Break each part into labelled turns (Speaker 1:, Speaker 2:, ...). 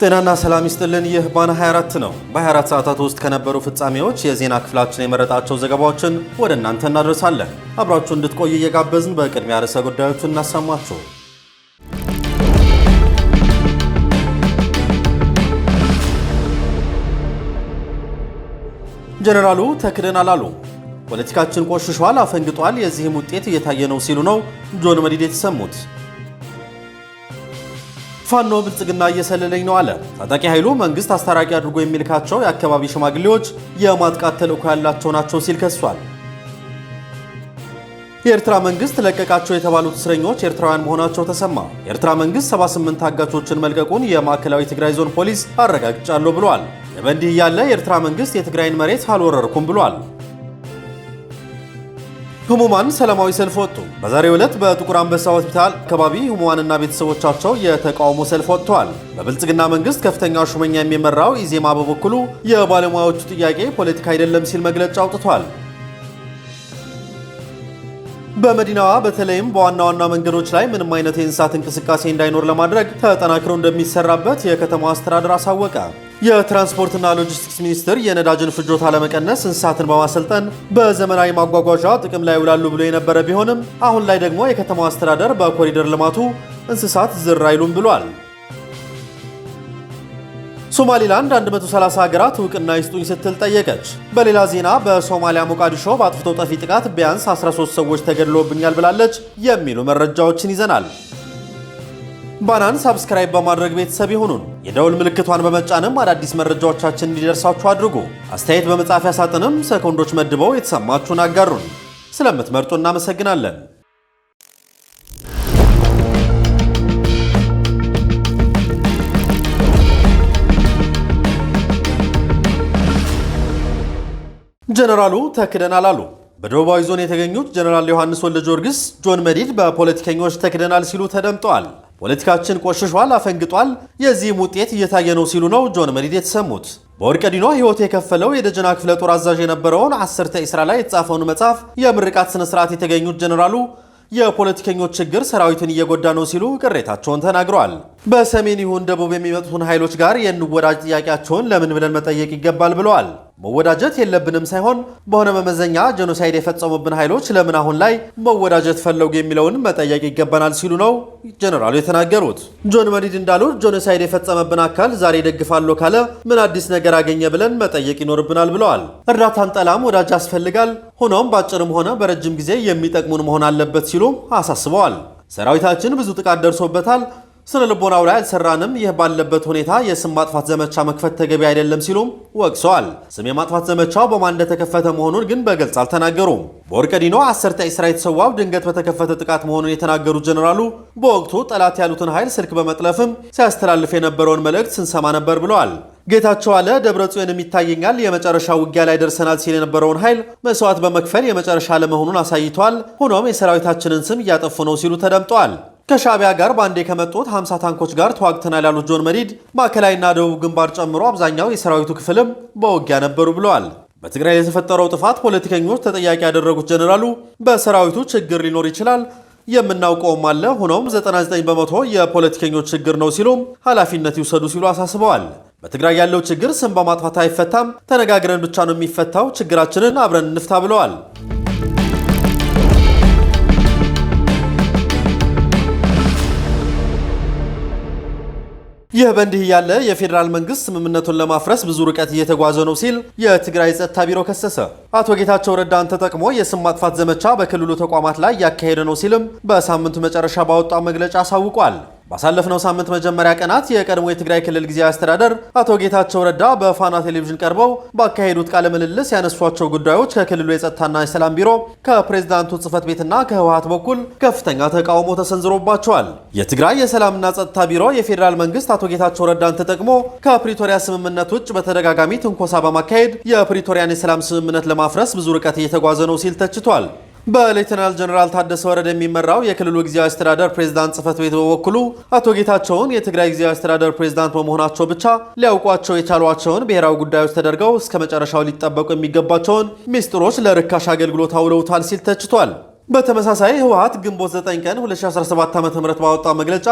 Speaker 1: ጤናና ሰላም ይስጥልን። ይህ ባና 24 ነው። በ24 ሰዓታት ውስጥ ከነበሩ ፍጻሜዎች የዜና ክፍላችን የመረጣቸው ዘገባዎችን ወደ እናንተ እናደርሳለን። አብራችሁ እንድትቆዩ እየጋበዝን በቅድሚያ ርዕሰ ጉዳዮቹን እናሰማችሁ። ጀነራሉ ተክደናል አሉ። ፖለቲካችን ቆሽሿል፣ አፈንግጧል፣ የዚህም ውጤት እየታየ ነው ሲሉ ነው ጆን መዲድ የተሰሙት። ፋኖ ብልጽግና እየሰለለኝ ነው አለ። ታጣቂ ኃይሉ መንግስት አስታራቂ አድርጎ የሚልካቸው የአካባቢ ሽማግሌዎች የማጥቃት ተልዕኮ ያላቸው ናቸው ሲል ከሷል። የኤርትራ መንግስት ለቀቃቸው የተባሉት እስረኞች ኤርትራውያን መሆናቸው ተሰማ። የኤርትራ መንግስት 78 ታጋቾችን መልቀቁን የማዕከላዊ ትግራይ ዞን ፖሊስ አረጋግጫለሁ ብሏል። በእንዲህ እያለ የኤርትራ መንግስት የትግራይን መሬት አልወረርኩም ብሏል። ህሙማን ሰላማዊ ሰልፍ ወጡ። በዛሬው ዕለት በጥቁር አንበሳ ሆስፒታል አካባቢ ህሙማንና ቤተሰቦቻቸው የተቃውሞ ሰልፍ ወጥተዋል። በብልጽግና መንግስት ከፍተኛ ሹመኛ የሚመራው ኢዜማ በበኩሉ የባለሙያዎቹ ጥያቄ ፖለቲካ አይደለም ሲል መግለጫ አውጥቷል። በመዲናዋ በተለይም በዋና ዋና መንገዶች ላይ ምንም አይነት የእንስሳት እንቅስቃሴ እንዳይኖር ለማድረግ ተጠናክሮ እንደሚሰራበት የከተማዋ አስተዳደር አሳወቀ። የትራንስፖርትና ሎጂስቲክስ ሚኒስቴር የነዳጅን ፍጆታ ለመቀነስ እንስሳትን በማሰልጠን በዘመናዊ ማጓጓዣ ጥቅም ላይ ይውላሉ ብሎ የነበረ ቢሆንም አሁን ላይ ደግሞ የከተማው አስተዳደር በኮሪደር ልማቱ እንስሳት ዝር አይሉም ብሏል። ሶማሊላንድ 130 ሀገራት እውቅና ይስጡኝ ስትል ጠየቀች። በሌላ ዜና በሶማሊያ ሞቃዲሾ በአጥፍቶ ጠፊ ጥቃት ቢያንስ 13 ሰዎች ተገድሎብኛል ብላለች የሚሉ መረጃዎችን ይዘናል። ባናን ሳብስክራይብ በማድረግ ቤተሰብ ይሁኑን። የደውል ምልክቷን በመጫንም አዳዲስ መረጃዎቻችን እንዲደርሳችሁ አድርጉ። አስተያየት በመጻፊያ ሳጥንም ሰኮንዶች መድበው የተሰማችሁን አጋሩን። ስለምትመርጡ እናመሰግናለን። ጀነራሉ ተክደናል አሉ። በደቡባዊ ዞን የተገኙት ጀነራል ዮሐንስ ወልደ ጊዮርጊስ ጆን መዲድ በፖለቲከኞች ተክደናል ሲሉ ተደምጠዋል። ፖለቲካችን ቆሽሿል፣ አፈንግጧል፣ የዚህም ውጤት እየታየ ነው ሲሉ ነው ጆን መሪድ የተሰሙት። በወርቀዲኗ ሕይወት የከፈለው የደጀና ክፍለ ጦር አዛዥ የነበረውን አስርተ ኢስራ ላይ የተጻፈውን መጽሐፍ የምርቃት ስነ ስርዓት የተገኙት ጀኔራሉ የፖለቲከኞች ችግር ሰራዊትን እየጎዳ ነው ሲሉ ቅሬታቸውን ተናግረዋል። በሰሜን ይሁን ደቡብ የሚመጡትን ኃይሎች ጋር የእንወዳጅ ጥያቄያቸውን ለምን ብለን መጠየቅ ይገባል ብለዋል። መወዳጀት የለብንም ሳይሆን በሆነ መመዘኛ ጀኖሳይድ የፈጸሙብን ኃይሎች ለምን አሁን ላይ መወዳጀት ፈለጉ የሚለውን መጠየቅ ይገባናል ሲሉ ነው ጀነራሉ የተናገሩት። ጆን መዲድ እንዳሉት ጀኖሳይድ የፈጸመብን አካል ዛሬ ደግፋለሁ ካለ ምን አዲስ ነገር አገኘ ብለን መጠየቅ ይኖርብናል ብለዋል። እርዳታን ጠላም ወዳጅ ያስፈልጋል፣ ሆኖም በአጭርም ሆነ በረጅም ጊዜ የሚጠቅሙን መሆን አለበት ሲሉም አሳስበዋል። ሰራዊታችን ብዙ ጥቃት ደርሶበታል። ስነ ልቦናው ላይ አልሰራንም። ይህ ባለበት ሁኔታ የስም ማጥፋት ዘመቻ መክፈት ተገቢ አይደለም ሲሉም ወቅሰዋል። ስም የማጥፋት ዘመቻው በማን እንደተከፈተ መሆኑን ግን በግልጽ አልተናገሩም። በወርቀዲኖ አሰርተ ስራ የተሰዋው ድንገት በተከፈተ ጥቃት መሆኑን የተናገሩት ጀኔራሉ በወቅቱ ጠላት ያሉትን ኃይል ስልክ በመጥለፍም ሲያስተላልፍ የነበረውን መልእክት ስንሰማ ነበር ብለዋል። ጌታቸው አለ ደብረ ጽዮንም ይታየኛል የመጨረሻ ውጊያ ላይ ደርሰናል ሲል የነበረውን ኃይል መስዋዕት በመክፈል የመጨረሻ ለመሆኑን አሳይቷል። ሆኖም የሰራዊታችንን ስም እያጠፉ ነው ሲሉ ተደምጧል። ከሻቢያ ጋር በአንዴ ከመጡት 50 ታንኮች ጋር ተዋግተናል ያሉት ጆን መሪድ ማዕከላዊና ደቡብ ግንባር ጨምሮ አብዛኛው የሰራዊቱ ክፍልም በውጊያ ነበሩ ብለዋል። በትግራይ የተፈጠረው ጥፋት ፖለቲከኞች ተጠያቂ ያደረጉት ጀኔራሉ በሰራዊቱ ችግር ሊኖር ይችላል የምናውቀውም አለ። ሆኖም 99 በመቶ የፖለቲከኞች ችግር ነው ሲሉም ኃላፊነት ይውሰዱ ሲሉ አሳስበዋል። በትግራይ ያለው ችግር ስም በማጥፋት አይፈታም፣ ተነጋግረን ብቻ ነው የሚፈታው፣ ችግራችንን አብረን እንፍታ ብለዋል። ይህ በእንዲህ እያለ የፌዴራል መንግስት ስምምነቱን ለማፍረስ ብዙ ርቀት እየተጓዘ ነው ሲል የትግራይ ጸጥታ ቢሮ ከሰሰ። አቶ ጌታቸው ረዳን ተጠቅሞ የስም ማጥፋት ዘመቻ በክልሉ ተቋማት ላይ እያካሄደ ነው ሲልም በሳምንቱ መጨረሻ ባወጣው መግለጫ አሳውቋል። ባሳለፍነው ሳምንት መጀመሪያ ቀናት የቀድሞ የትግራይ ክልል ጊዜያዊ አስተዳደር አቶ ጌታቸው ረዳ በፋና ቴሌቪዥን ቀርበው ባካሄዱት ቃለ ምልልስ ያነሷቸው ጉዳዮች ከክልሉ የጸጥታና የሰላም ቢሮ፣ ከፕሬዝዳንቱ ጽህፈት ቤትና ከህወሀት በኩል ከፍተኛ ተቃውሞ ተሰንዝሮባቸዋል። የትግራይ የሰላምና ጸጥታ ቢሮ የፌዴራል መንግስት አቶ ጌታቸው ረዳን ተጠቅሞ ከፕሪቶሪያ ስምምነት ውጭ በተደጋጋሚ ትንኮሳ በማካሄድ የፕሪቶሪያን የሰላም ስምምነት ለማፍረስ ብዙ ርቀት እየተጓዘ ነው ሲል ተችቷል። በሌተናል ጀነራል ታደሰ ወረደ የሚመራው የክልሉ ጊዜያዊ አስተዳደር ፕሬዝዳንት ጽህፈት ቤት በበኩሉ አቶ ጌታቸውን የትግራይ ጊዜያዊ አስተዳደር ፕሬዝዳንት በመሆናቸው ብቻ ሊያውቋቸው የቻሏቸውን ብሔራዊ ጉዳዮች ተደርገው እስከ መጨረሻው ሊጠበቁ የሚገባቸውን ሚስጥሮች ለርካሽ አገልግሎት አውለውታል ሲል ተችቷል። በተመሳሳይ ህወሀት ግንቦት 9 ቀን 2017 ዓ ም ባወጣው መግለጫ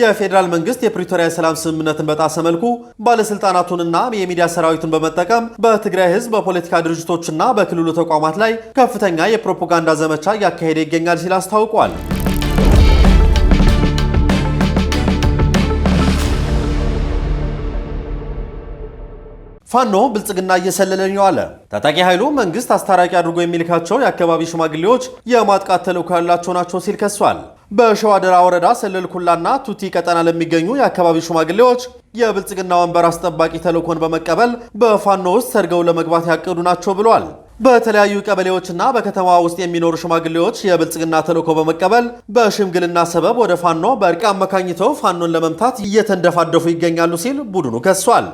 Speaker 1: የፌዴራል መንግስት የፕሪቶሪያ የሰላም ስምምነትን በጣሰ መልኩ ባለስልጣናቱንና የሚዲያ ሰራዊቱን በመጠቀም በትግራይ ህዝብ በፖለቲካ ድርጅቶችና በክልሉ ተቋማት ላይ ከፍተኛ የፕሮፓጋንዳ ዘመቻ እያካሄደ ይገኛል ሲል አስታውቋል። ፋኖ ብልጽግና እየሰለለ ነው አለ። ታጣቂ ኃይሉ መንግስት አስታራቂ አድርጎ የሚልካቸው የአካባቢ ሽማግሌዎች የማጥቃት ተልዕኮ ያላቸው ናቸው ሲል ከሷል። በሸዋደራ ወረዳ ሰለል ኩላና ቱቲ ቀጠና ለሚገኙ የአካባቢ ሽማግሌዎች የብልጽግና ወንበር አስጠባቂ ተልእኮን በመቀበል በፋኖ ውስጥ ሰርገው ለመግባት ያቀዱ ናቸው ብሏል። በተለያዩ ቀበሌዎችና በከተማ ውስጥ የሚኖሩ ሽማግሌዎች የብልጽግና ተልእኮ በመቀበል በሽምግልና ሰበብ ወደ ፋኖ በእርቅ አመካኝተው ፋኖን ለመምታት እየተንደፋደፉ ይገኛሉ ሲል ቡድኑ ከሷል።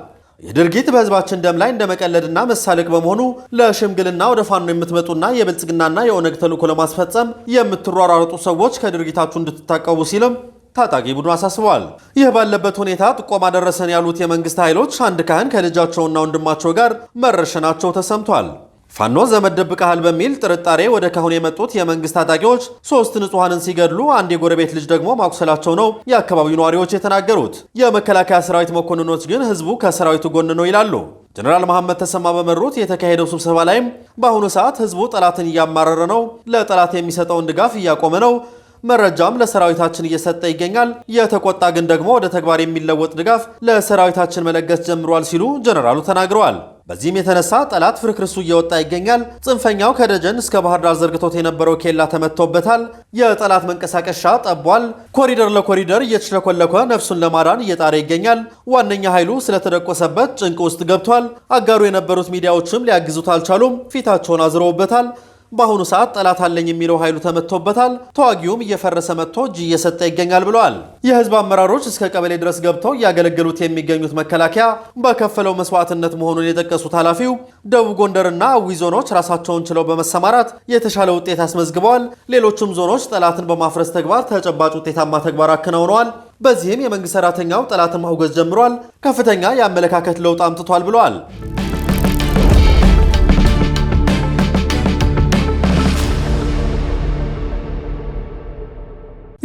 Speaker 1: ይህ ድርጊት በህዝባችን ደም ላይ እንደ መቀለድና መሳለቅ በመሆኑ ለሽምግልና ወደ ፋኖ የምትመጡና የብልጽግናና የኦነግ ተልዕኮ ለማስፈጸም የምትሯሯጡ ሰዎች ከድርጊታችሁ እንድትታቀቡ ሲልም ታጣቂ ቡድኑ አሳስበዋል። ይህ ባለበት ሁኔታ ጥቆማ ደረሰን ያሉት የመንግስት ኃይሎች አንድ ካህን ከልጃቸውና ወንድማቸው ጋር መረሸናቸው ተሰምቷል። ፋኖ ዘመድ ደብቀሃል በሚል ጥርጣሬ ወደ ካሁን የመጡት የመንግስት ታጣቂዎች ሶስት ንጹሐንን ሲገድሉ አንድ የጎረቤት ልጅ ደግሞ ማቁሰላቸው ነው የአካባቢው ነዋሪዎች የተናገሩት። የመከላከያ ሰራዊት መኮንኖች ግን ህዝቡ ከሰራዊቱ ጎን ነው ይላሉ። ጀነራል መሐመድ ተሰማ በመሩት የተካሄደው ስብሰባ ላይም በአሁኑ ሰዓት ህዝቡ ጠላትን እያማረረ ነው፣ ለጠላት የሚሰጠውን ድጋፍ እያቆመ ነው መረጃም ለሰራዊታችን እየሰጠ ይገኛል። የተቆጣ ግን ደግሞ ወደ ተግባር የሚለወጥ ድጋፍ ለሰራዊታችን መለገስ ጀምሯል ሲሉ ጀነራሉ ተናግረዋል። በዚህም የተነሳ ጠላት ፍርክርሱ እየወጣ ይገኛል። ጽንፈኛው ከደጀን እስከ ባህር ዳር ዘርግቶት የነበረው ኬላ ተመቶበታል። የጠላት መንቀሳቀሻ ጠቧል። ኮሪደር ለኮሪደር እየተሽለኮለኮ ነፍሱን ለማዳን እየጣረ ይገኛል። ዋነኛ ኃይሉ ስለተደቆሰበት ጭንቅ ውስጥ ገብቷል። አጋሩ የነበሩት ሚዲያዎችም ሊያግዙት አልቻሉም። ፊታቸውን አዝረውበታል። በአሁኑ ሰዓት ጠላት አለኝ የሚለው ኃይሉ ተመቶበታል። ተዋጊውም እየፈረሰ መጥቶ እጅ እየሰጠ ይገኛል ብለዋል። የህዝብ አመራሮች እስከ ቀበሌ ድረስ ገብተው እያገለገሉት የሚገኙት መከላከያ በከፈለው መስዋዕትነት መሆኑን የጠቀሱት ኃላፊው ደቡብ ጎንደርና አዊ ዞኖች ራሳቸውን ችለው በመሰማራት የተሻለ ውጤት አስመዝግበዋል። ሌሎችም ዞኖች ጠላትን በማፍረስ ተግባር ተጨባጭ ውጤታማ ተግባር አከናውነዋል። በዚህም የመንግስት ሰራተኛው ጠላትን ማውገዝ ጀምሯል። ከፍተኛ የአመለካከት ለውጥ አምጥቷል ብለዋል።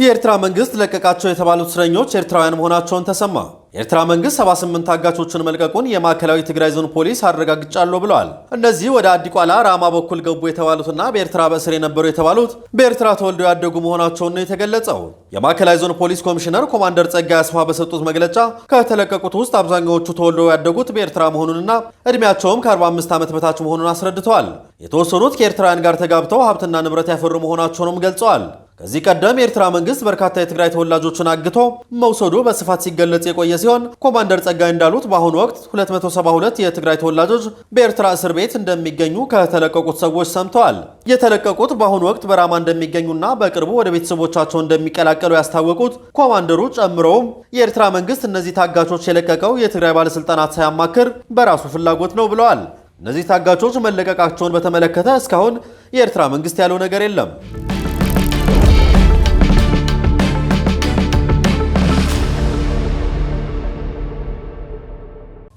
Speaker 1: የኤርትራ መንግስት ለቀቃቸው የተባሉት እስረኞች ኤርትራውያን መሆናቸውን ተሰማ። የኤርትራ መንግስት 78 አጋቾችን መልቀቁን የማዕከላዊ ትግራይ ዞን ፖሊስ አረጋግጫለሁ ብለዋል። እነዚህ ወደ አዲቋላ ራማ በኩል ገቡ የተባሉትና በኤርትራ በእስር የነበሩ የተባሉት በኤርትራ ተወልደው ያደጉ መሆናቸውን ነው የተገለጸው። የማዕከላዊ ዞን ፖሊስ ኮሚሽነር ኮማንደር ጸጋይ አስፋ በሰጡት መግለጫ ከተለቀቁት ውስጥ አብዛኛዎቹ ተወልደው ያደጉት በኤርትራ መሆኑንና እድሜያቸውም ከ45 ዓመት በታች መሆኑን አስረድተዋል። የተወሰኑት ከኤርትራውያን ጋር ተጋብተው ሀብትና ንብረት ያፈሩ መሆናቸውንም ገልጸዋል። ከዚህ ቀደም የኤርትራ መንግስት በርካታ የትግራይ ተወላጆችን አግቶ መውሰዱ በስፋት ሲገለጽ የቆየ ሲሆን ኮማንደር ጸጋይ እንዳሉት በአሁኑ ወቅት 272 የትግራይ ተወላጆች በኤርትራ እስር ቤት እንደሚገኙ ከተለቀቁት ሰዎች ሰምተዋል። የተለቀቁት በአሁኑ ወቅት በራማ እንደሚገኙና በቅርቡ ወደ ቤተሰቦቻቸው እንደሚቀላቀሉ ያስታወቁት ኮማንደሩ ጨምረውም የኤርትራ መንግስት እነዚህ ታጋቾች የለቀቀው የትግራይ ባለስልጣናት ሳያማክር በራሱ ፍላጎት ነው ብለዋል። እነዚህ ታጋቾች መለቀቃቸውን በተመለከተ እስካሁን የኤርትራ መንግስት ያለው ነገር የለም።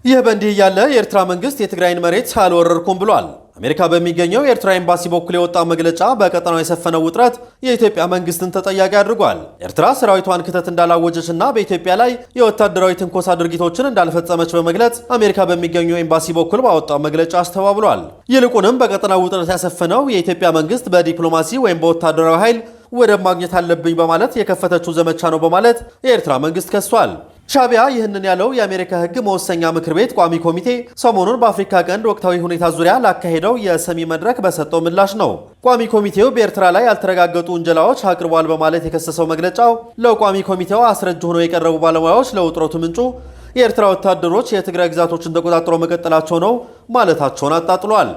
Speaker 1: ይህ በእንዲህ እያለ የኤርትራ መንግስት የትግራይን መሬት አልወረርኩም ብሏል። አሜሪካ በሚገኘው የኤርትራ ኤምባሲ በኩል የወጣ መግለጫ በቀጠናው የሰፈነው ውጥረት የኢትዮጵያ መንግስትን ተጠያቂ አድርጓል። ኤርትራ ሰራዊቷን ክተት እንዳላወጀችና በኢትዮጵያ ላይ የወታደራዊ ትንኮሳ ድርጊቶችን እንዳልፈጸመች በመግለጽ አሜሪካ በሚገኘው ኤምባሲ በኩል ባወጣው መግለጫ አስተባብሏል። ይልቁንም በቀጠናው ውጥረት ያሰፈነው የኢትዮጵያ መንግስት በዲፕሎማሲ ወይም በወታደራዊ ኃይል ወደብ ማግኘት አለብኝ በማለት የከፈተችው ዘመቻ ነው በማለት የኤርትራ መንግስት ከሷል። ሻቢያ ይህንን ያለው የአሜሪካ ህግ መወሰኛ ምክር ቤት ቋሚ ኮሚቴ ሰሞኑን በአፍሪካ ቀንድ ወቅታዊ ሁኔታ ዙሪያ ላካሄደው የሰሚ መድረክ በሰጠው ምላሽ ነው። ቋሚ ኮሚቴው በኤርትራ ላይ ያልተረጋገጡ ውንጀላዎች አቅርቧል በማለት የከሰሰው መግለጫው ለቋሚ ኮሚቴው አስረጅ ሆነው የቀረቡ ባለሙያዎች ለውጥረቱ ምንጩ የኤርትራ ወታደሮች የትግራይ ግዛቶችን ተቆጣጥሮ መቀጠላቸው ነው ማለታቸውን አጣጥሏል።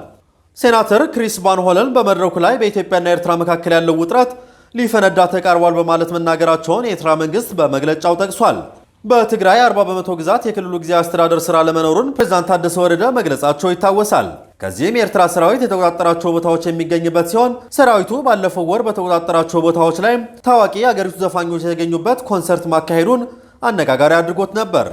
Speaker 1: ሴናተር ክሪስ ቫን ሆለን በመድረኩ ላይ በኢትዮጵያና ኤርትራ መካከል ያለው ውጥረት ሊፈነዳ ተቃርቧል በማለት መናገራቸውን የኤርትራ መንግስት በመግለጫው ጠቅሷል። በትግራይ 40 በመቶ ግዛት የክልሉ ጊዜያዊ አስተዳደር ስራ ለመኖሩን ፕሬዝዳንት ታደሰ ወረደ መግለጻቸው ይታወሳል። ከዚህም የኤርትራ ሰራዊት የተቆጣጠራቸው ቦታዎች የሚገኝበት ሲሆን ሰራዊቱ ባለፈው ወር በተቆጣጠራቸው ቦታዎች ላይ ታዋቂ የአገሪቱ ዘፋኞች የተገኙበት ኮንሰርት ማካሄዱን አነጋጋሪ አድርጎት ነበር።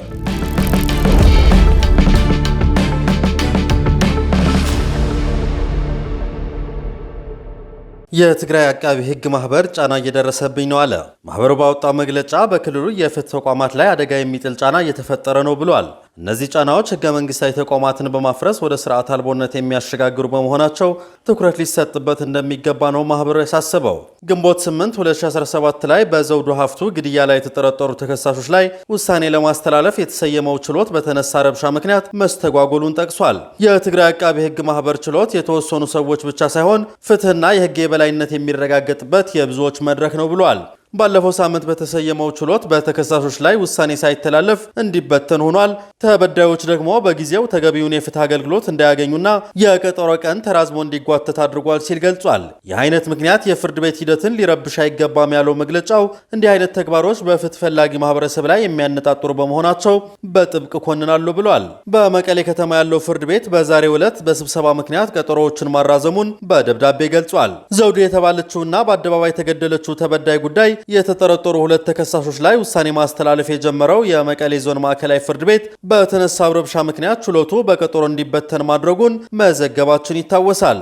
Speaker 1: የትግራይ አቃቢ ህግ ማህበር ጫና እየደረሰብኝ ነው አለ። ማህበሩ ባወጣው መግለጫ በክልሉ የፍትህ ተቋማት ላይ አደጋ የሚጥል ጫና እየተፈጠረ ነው ብሏል። እነዚህ ጫናዎች ህገ መንግስታዊ ተቋማትን በማፍረስ ወደ ስርዓት አልቦነት የሚያሸጋግሩ በመሆናቸው ትኩረት ሊሰጥበት እንደሚገባ ነው ማህበሩ ያሳስበው። ግንቦት 8 2017 ላይ በዘውዱ ሀፍቱ ግድያ ላይ የተጠረጠሩ ተከሳሾች ላይ ውሳኔ ለማስተላለፍ የተሰየመው ችሎት በተነሳ ረብሻ ምክንያት መስተጓጎሉን ጠቅሷል። የትግራይ አቃቤ ህግ ማህበር ችሎት የተወሰኑ ሰዎች ብቻ ሳይሆን ፍትህና የህግ የበላይነት የሚረጋገጥበት የብዙዎች መድረክ ነው ብሏል። ባለፈው ሳምንት በተሰየመው ችሎት በተከሳሾች ላይ ውሳኔ ሳይተላለፍ እንዲበተን ሆኗል። ተበዳዮች ደግሞ በጊዜው ተገቢውን የፍትህ አገልግሎት እንዳያገኙና የቀጠሮ ቀን ተራዝሞ እንዲጓተት አድርጓል ሲል ገልጿል። ይህ አይነት ምክንያት የፍርድ ቤት ሂደትን ሊረብሽ አይገባም ያለው መግለጫው እንዲህ አይነት ተግባሮች በፍትህ ፈላጊ ማህበረሰብ ላይ የሚያነጣጥሩ በመሆናቸው በጥብቅ ኮንናሉ ብሏል። በመቀሌ ከተማ ያለው ፍርድ ቤት በዛሬው ዕለት በስብሰባ ምክንያት ቀጠሮዎችን ማራዘሙን በደብዳቤ ገልጿል። ዘውዱ የተባለችውና በአደባባይ የተገደለችው ተበዳይ ጉዳይ የተጠረጠሩ ሁለት ተከሳሾች ላይ ውሳኔ ማስተላለፍ የጀመረው የመቀሌ ዞን ማዕከላዊ ፍርድ ቤት በተነሳው ረብሻ ምክንያት ችሎቱ በቀጠሮ እንዲበተን ማድረጉን መዘገባችን ይታወሳል።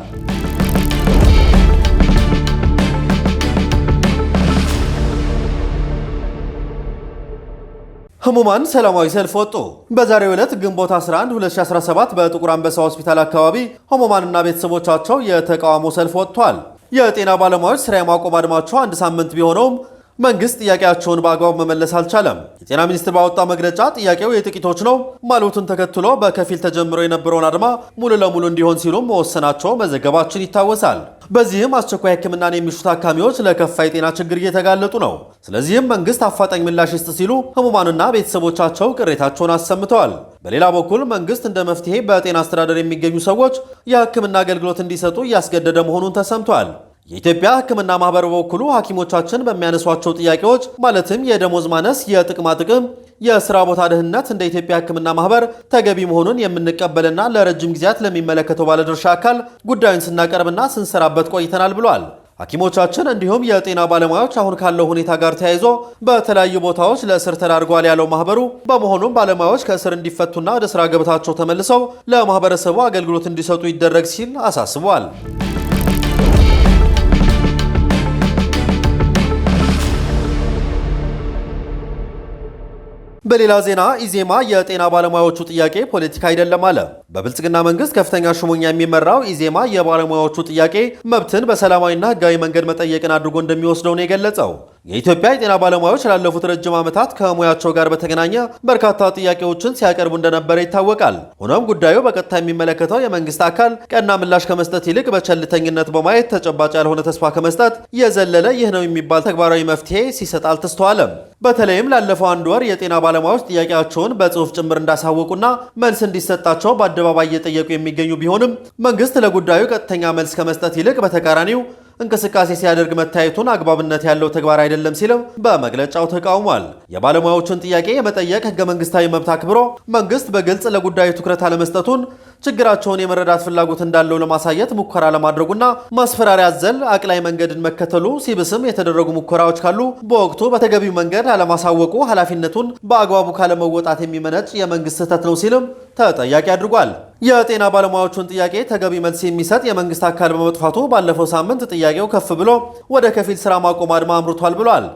Speaker 1: ህሙማን ሰላማዊ ሰልፍ ወጡ። በዛሬው ዕለት ግንቦት 11 2017 በጥቁር አንበሳ ሆስፒታል አካባቢ ህሙማንና ቤተሰቦቻቸው የተቃውሞ ሰልፍ ወጥቷል። የጤና ባለሙያዎች ስራ የማቆም አድማቸው አንድ ሳምንት ቢሆነውም መንግስት ጥያቄያቸውን በአግባቡ መመለስ አልቻለም። የጤና ሚኒስቴር ባወጣ መግለጫ ጥያቄው የጥቂቶች ነው ማለቱን ተከትሎ በከፊል ተጀምሮ የነበረውን አድማ ሙሉ ለሙሉ እንዲሆን ሲሉም መወሰናቸው መዘገባችን ይታወሳል። በዚህም አስቸኳይ ሕክምናን የሚሹ ታካሚዎች ለከፋ የጤና ችግር እየተጋለጡ ነው። ስለዚህም መንግስት አፋጣኝ ምላሽ ይስጥ ሲሉ ህሙማንና ቤተሰቦቻቸው ቅሬታቸውን አሰምተዋል። በሌላ በኩል መንግስት እንደ መፍትሄ በጤና አስተዳደር የሚገኙ ሰዎች የህክምና አገልግሎት እንዲሰጡ እያስገደደ መሆኑን ተሰምቷል። የኢትዮጵያ ሕክምና ማህበር በበኩሉ ሐኪሞቻችን በሚያነሷቸው ጥያቄዎች ማለትም የደሞዝ ማነስ፣ የጥቅማ ጥቅም፣ የስራ ቦታ ደህንነት እንደ ኢትዮጵያ ሕክምና ማህበር ተገቢ መሆኑን የምንቀበልና ለረጅም ጊዜያት ለሚመለከተው ባለድርሻ አካል ጉዳዩን ስናቀርብና ስንሰራበት ቆይተናል ብሏል። ሐኪሞቻችን እንዲሁም የጤና ባለሙያዎች አሁን ካለው ሁኔታ ጋር ተያይዞ በተለያዩ ቦታዎች ለእስር ተዳርጓል ያለው ማህበሩ፣ በመሆኑም ባለሙያዎች ከእስር እንዲፈቱና ወደ ስራ ገበታቸው ተመልሰው ለማህበረሰቡ አገልግሎት እንዲሰጡ ይደረግ ሲል አሳስቧል። በሌላ ዜና ኢዜማ የጤና ባለሙያዎቹ ጥያቄ ፖለቲካ አይደለም አለ። በብልጽግና መንግስት ከፍተኛ ሹመኛ የሚመራው ኢዜማ የባለሙያዎቹ ጥያቄ መብትን በሰላማዊና ህጋዊ መንገድ መጠየቅን አድርጎ እንደሚወስደው ነው የገለጸው። የኢትዮጵያ የጤና ባለሙያዎች ላለፉት ረጅም ዓመታት ከሙያቸው ጋር በተገናኘ በርካታ ጥያቄዎችን ሲያቀርቡ እንደነበረ ይታወቃል። ሆኖም ጉዳዩ በቀጥታ የሚመለከተው የመንግስት አካል ቀና ምላሽ ከመስጠት ይልቅ በቸልተኝነት በማየት ተጨባጭ ያልሆነ ተስፋ ከመስጠት የዘለለ ይህ ነው የሚባል ተግባራዊ መፍትሄ ሲሰጥ አልተስተዋለም። በተለይም ላለፈው አንድ ወር የጤና ባለሙያዎች ጥያቄያቸውን በጽሑፍ ጭምር እንዳሳወቁና መልስ እንዲሰጣቸው በአደባባይ እየጠየቁ የሚገኙ ቢሆንም መንግስት ለጉዳዩ ቀጥተኛ መልስ ከመስጠት ይልቅ በተቃራኒው እንቅስቃሴ ሲያደርግ መታየቱን አግባብነት ያለው ተግባር አይደለም ሲልም በመግለጫው ተቃውሟል። የባለሙያዎችን ጥያቄ የመጠየቅ ህገ መንግስታዊ መብት አክብሮ መንግስት በግልጽ ለጉዳዩ ትኩረት አለመስጠቱን ችግራቸውን የመረዳት ፍላጎት እንዳለው ለማሳየት ሙከራ ለማድረጉና ማስፈራሪያ አዘል አቅላይ መንገድን መከተሉ ሲብስም የተደረጉ ሙከራዎች ካሉ በወቅቱ በተገቢው መንገድ አለማሳወቁ ኃላፊነቱን በአግባቡ ካለመወጣት የሚመነጭ የመንግስት ስህተት ነው ሲልም ተጠያቂ አድርጓል። የጤና ባለሙያዎቹን ጥያቄ ተገቢ መልስ የሚሰጥ የመንግስት አካል በመጥፋቱ ባለፈው ሳምንት ጥያቄው ከፍ ብሎ ወደ ከፊል ስራ ማቆም አድማ አምርቷል ብሏል።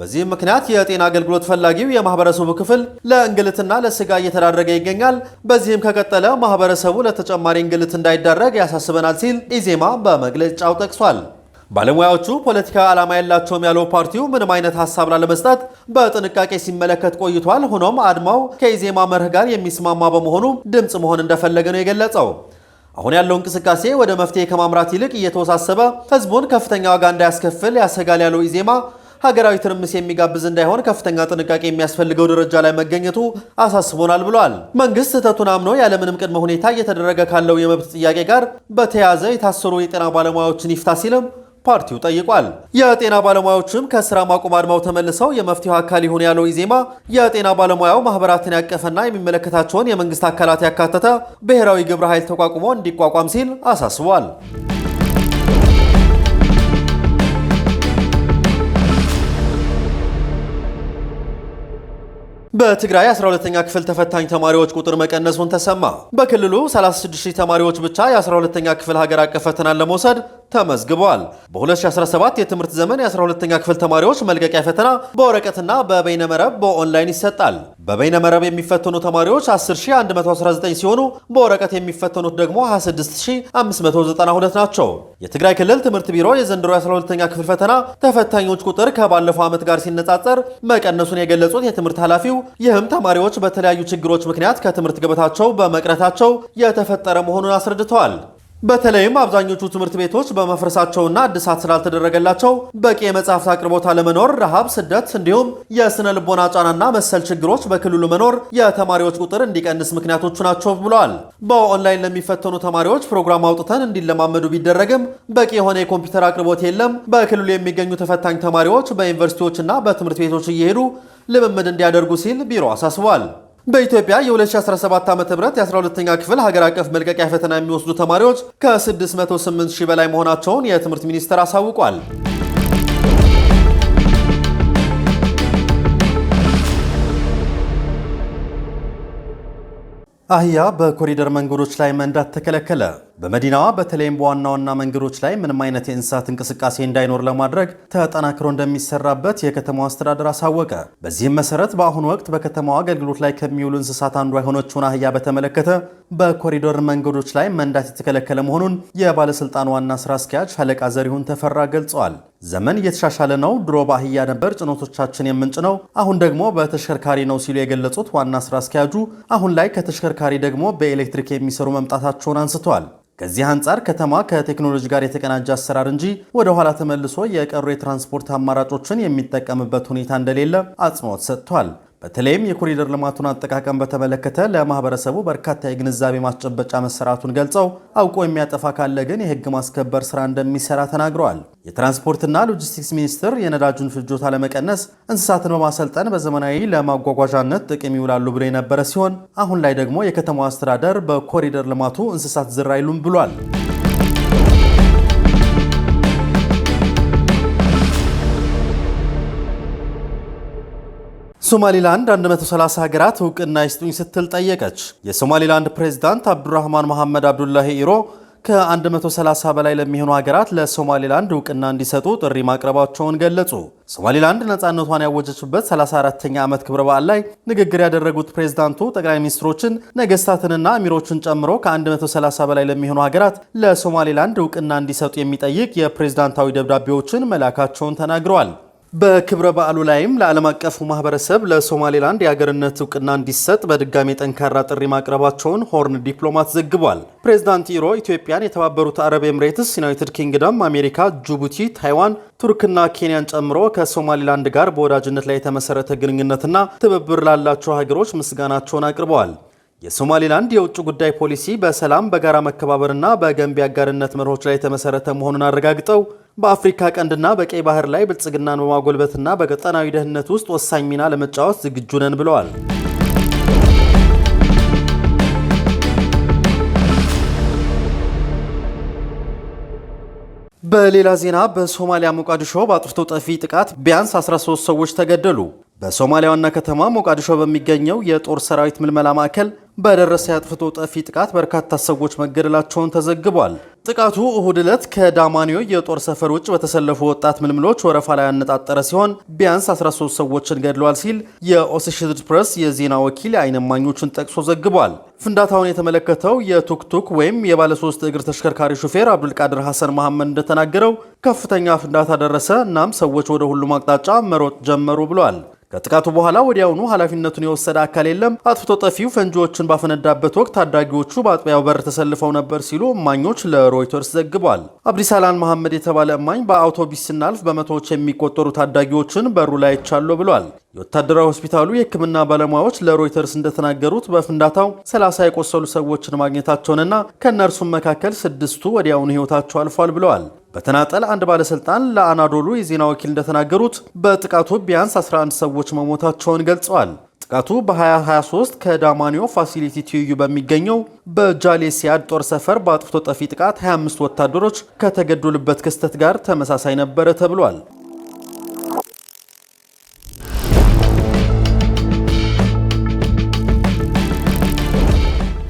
Speaker 1: በዚህም ምክንያት የጤና አገልግሎት ፈላጊው የማህበረሰቡ ክፍል ለእንግልትና ለስጋ እየተዳረገ ይገኛል። በዚህም ከቀጠለ ማህበረሰቡ ለተጨማሪ እንግልት እንዳይዳረግ ያሳስበናል ሲል ኢዜማ በመግለጫው ጠቅሷል። ባለሙያዎቹ ፖለቲካ ዓላማ የላቸውም ያለው ፓርቲው ምንም አይነት ሀሳብ ላለመስጠት በጥንቃቄ ሲመለከት ቆይቷል። ሆኖም አድማው ከኢዜማ መርህ ጋር የሚስማማ በመሆኑ ድምፅ መሆን እንደፈለገ ነው የገለጸው። አሁን ያለው እንቅስቃሴ ወደ መፍትሄ ከማምራት ይልቅ እየተወሳሰበ ህዝቡን ከፍተኛ ዋጋ እንዳያስከፍል ያሰጋል ያለው ኢዜማ ሀገራዊ ትርምስ የሚጋብዝ እንዳይሆን ከፍተኛ ጥንቃቄ የሚያስፈልገው ደረጃ ላይ መገኘቱ አሳስቦናል ብሏል። መንግስት ስህተቱን አምኖ ያለምንም ቅድመ ሁኔታ እየተደረገ ካለው የመብት ጥያቄ ጋር በተያያዘ የታሰሩ የጤና ባለሙያዎችን ይፍታ ሲልም ፓርቲው ጠይቋል። የጤና ባለሙያዎችም ከስራ ማቆም አድማው ተመልሰው የመፍትሄው አካል ይሁን ያለው ኢዜማ የጤና ባለሙያው ማህበራትን ያቀፈና የሚመለከታቸውን የመንግስት አካላት ያካተተ ብሔራዊ ግብረ ኃይል ተቋቁሞ እንዲቋቋም ሲል አሳስቧል። በትግራይ 12ኛ ክፍል ተፈታኝ ተማሪዎች ቁጥር መቀነሱን ተሰማ። በክልሉ 36 ሺህ ተማሪዎች ብቻ የ12ኛ ክፍል ሀገር አቀፍ ፈተናን ለመውሰድ ተመዝግቧል። በ2017 የትምህርት ዘመን የ12ኛ ክፍል ተማሪዎች መልቀቂያ ፈተና በወረቀትና በበይነመረብ በኦንላይን ይሰጣል። በበይነመረብ የሚፈተኑ ተማሪዎች 10119 ሲሆኑ በወረቀት የሚፈተኑት ደግሞ 26592 ናቸው። የትግራይ ክልል ትምህርት ቢሮ የዘንድሮ የ12ኛ ክፍል ፈተና ተፈታኞች ቁጥር ከባለፈው ዓመት ጋር ሲነጻጸር መቀነሱን የገለጹት የትምህርት ኃላፊው ይህም ተማሪዎች በተለያዩ ችግሮች ምክንያት ከትምህርት ገበታቸው በመቅረታቸው የተፈጠረ መሆኑን አስረድተዋል። በተለይም አብዛኞቹ ትምህርት ቤቶች በመፍረሳቸውና እድሳት ስላልተደረገላቸው በቂ የመጽሐፍት አቅርቦት አለመኖር፣ ረሃብ፣ ስደት እንዲሁም የስነ ልቦና ጫናና መሰል ችግሮች በክልሉ መኖር የተማሪዎች ቁጥር እንዲቀንስ ምክንያቶቹ ናቸው ብለዋል። በኦንላይን ለሚፈተኑ ተማሪዎች ፕሮግራም አውጥተን እንዲለማመዱ ቢደረግም በቂ የሆነ የኮምፒውተር አቅርቦት የለም። በክልሉ የሚገኙ ተፈታኝ ተማሪዎች በዩኒቨርሲቲዎችና በትምህርት ቤቶች እየሄዱ ልምምድ እንዲያደርጉ ሲል ቢሮ አሳስቧል። በኢትዮጵያ የ2017 ዓ ም የ12ኛ ክፍል ሀገር አቀፍ መልቀቂያ ፈተና የሚወስዱ ተማሪዎች ከ608 ሺህ በላይ መሆናቸውን የትምህርት ሚኒስቴር አሳውቋል። አህያ በኮሪደር መንገዶች ላይ መንዳት ተከለከለ። በመዲናዋ በተለይም በዋና ዋና መንገዶች ላይ ምንም አይነት የእንስሳት እንቅስቃሴ እንዳይኖር ለማድረግ ተጠናክሮ እንደሚሰራበት የከተማዋ አስተዳደር አሳወቀ። በዚህም መሰረት በአሁኑ ወቅት በከተማዋ አገልግሎት ላይ ከሚውሉ እንስሳት አንዷ የሆነችውን አህያ በተመለከተ በኮሪዶር መንገዶች ላይ መንዳት የተከለከለ መሆኑን የባለስልጣን ዋና ስራ አስኪያጅ ሻለቃ ዘሪሁን ተፈራ ገልጸዋል። ዘመን እየተሻሻለ ነው። ድሮ በአህያ ነበር ጭኖቶቻችን የምንጭነው፣ አሁን ደግሞ በተሽከርካሪ ነው ሲሉ የገለጹት ዋና ስራ አስኪያጁ አሁን ላይ ከተሽከርካሪ ደግሞ በኤሌክትሪክ የሚሰሩ መምጣታቸውን አንስተዋል። ከዚህ አንጻር ከተማ ከቴክኖሎጂ ጋር የተቀናጀ አሰራር እንጂ ወደ ኋላ ተመልሶ የቀሩ የትራንስፖርት አማራጮችን የሚጠቀምበት ሁኔታ እንደሌለ አጽንኦት ሰጥቷል። በተለይም የኮሪደር ልማቱን አጠቃቀም በተመለከተ ለማህበረሰቡ በርካታ የግንዛቤ ማስጨበጫ መሰራቱን ገልጸው አውቆ የሚያጠፋ ካለ ግን የህግ ማስከበር ስራ እንደሚሰራ ተናግረዋል። የትራንስፖርትና ሎጂስቲክስ ሚኒስቴር የነዳጁን ፍጆታ ለመቀነስ እንስሳትን በማሰልጠን በዘመናዊ ለማጓጓዣነት ጥቅም ይውላሉ ብሎ የነበረ ሲሆን አሁን ላይ ደግሞ የከተማው አስተዳደር በኮሪደር ልማቱ እንስሳት ዝር አይሉም ብሏል። ሶማሊላንድ 130 ሀገራት እውቅና ይስጡኝ ስትል ጠየቀች። የሶማሊላንድ ፕሬዝዳንት አብዱራህማን መሐመድ አብዱላሂ ኢሮ ከ130 በላይ ለሚሆኑ ሀገራት ለሶማሊላንድ እውቅና እንዲሰጡ ጥሪ ማቅረባቸውን ገለጹ። ሶማሊላንድ ነፃነቷን ያወጀችበት 34ተኛ ዓመት ክብረ በዓል ላይ ንግግር ያደረጉት ፕሬዝዳንቱ ጠቅላይ ሚኒስትሮችን፣ ነገስታትንና አሚሮችን ጨምሮ ከ130 በላይ ለሚሆኑ ሀገራት ለሶማሊላንድ እውቅና እንዲሰጡ የሚጠይቅ የፕሬዝዳንታዊ ደብዳቤዎችን መላካቸውን ተናግረዋል። በክብረ በዓሉ ላይም ለዓለም አቀፉ ማህበረሰብ ለሶማሌላንድ የአገርነት እውቅና እንዲሰጥ በድጋሚ ጠንካራ ጥሪ ማቅረባቸውን ሆርን ዲፕሎማት ዘግቧል። ፕሬዚዳንት ኢሮ ኢትዮጵያን፣ የተባበሩት አረብ ኤምሬትስ፣ ዩናይትድ ኪንግደም፣ አሜሪካ፣ ጅቡቲ፣ ታይዋን፣ ቱርክና ኬንያን ጨምሮ ከሶማሌላንድ ጋር በወዳጅነት ላይ የተመሰረተ ግንኙነትና ትብብር ላላቸው ሀገሮች ምስጋናቸውን አቅርበዋል። የሶማሌላንድ የውጭ ጉዳይ ፖሊሲ በሰላም በጋራ መከባበርና በገንቢ አጋርነት መርሆች ላይ የተመሰረተ መሆኑን አረጋግጠው በአፍሪካ ቀንድና በቀይ ባህር ላይ ብልጽግናን በማጎልበትና በቀጠናዊ ደህንነት ውስጥ ወሳኝ ሚና ለመጫወት ዝግጁ ነን ብለዋል። በሌላ ዜና በሶማሊያ ሞቃዲሾ በአጥፍቶ ጠፊ ጥቃት ቢያንስ 13 ሰዎች ተገደሉ። በሶማሊያ ዋና ከተማ ሞቃዲሾ በሚገኘው የጦር ሰራዊት ምልመላ ማዕከል በደረሰ የአጥፍቶ ጠፊ ጥቃት በርካታ ሰዎች መገደላቸውን ተዘግቧል። ጥቃቱ እሁድ ዕለት ከዳማኒዮ የጦር ሰፈር ውጭ በተሰለፉ ወጣት ምልምሎች ወረፋ ላይ ያነጣጠረ ሲሆን ቢያንስ 13 ሰዎችን ገድሏል ሲል የአሶሺየትድ ፕሬስ የዜና ወኪል አይነማኞችን እማኞችን ጠቅሶ ዘግቧል። ፍንዳታውን የተመለከተው የቱክቱክ ወይም የባለሶስት እግር ተሽከርካሪ ሹፌር አብዱልቃድር ሐሰን መሐመድ እንደተናገረው ከፍተኛ ፍንዳታ ደረሰ፣ እናም ሰዎች ወደ ሁሉም አቅጣጫ መሮጥ ጀመሩ ብሏል። ከጥቃቱ በኋላ ወዲያውኑ ኃላፊነቱን የወሰደ አካል የለም። አጥፍቶ ጠፊው ፈንጂዎችን ባፈነዳበት ወቅት ታዳጊዎቹ በአጥቢያው በር ተሰልፈው ነበር ሲሉ እማኞች ለሮይተርስ ዘግቧል። አብዲሳላን መሐመድ የተባለ እማኝ በአውቶቢስ ስናልፍ በመቶዎች የሚቆጠሩ ታዳጊዎችን በሩ ላይ ይቻሉ ብሏል። የወታደራዊ ሆስፒታሉ የሕክምና ባለሙያዎች ለሮይተርስ እንደተናገሩት በፍንዳታው 30 የቆሰሉ ሰዎችን ማግኘታቸውንና ከእነርሱም መካከል ስድስቱ ወዲያውኑ ሕይወታቸው አልፏል ብለዋል። በተናጠል አንድ ባለስልጣን ለአናዶሉ የዜና ወኪል እንደተናገሩት በጥቃቱ ቢያንስ 11 ሰዎች መሞታቸውን ገልጸዋል። ጥቃቱ በ2023 ከዳማኒዮ ፋሲሊቲ ትይዩ በሚገኘው በጃሌሲያድ ጦር ሰፈር በአጥፍቶ ጠፊ ጥቃት 25 ወታደሮች ከተገደሉበት ክስተት ጋር ተመሳሳይ ነበረ ተብሏል።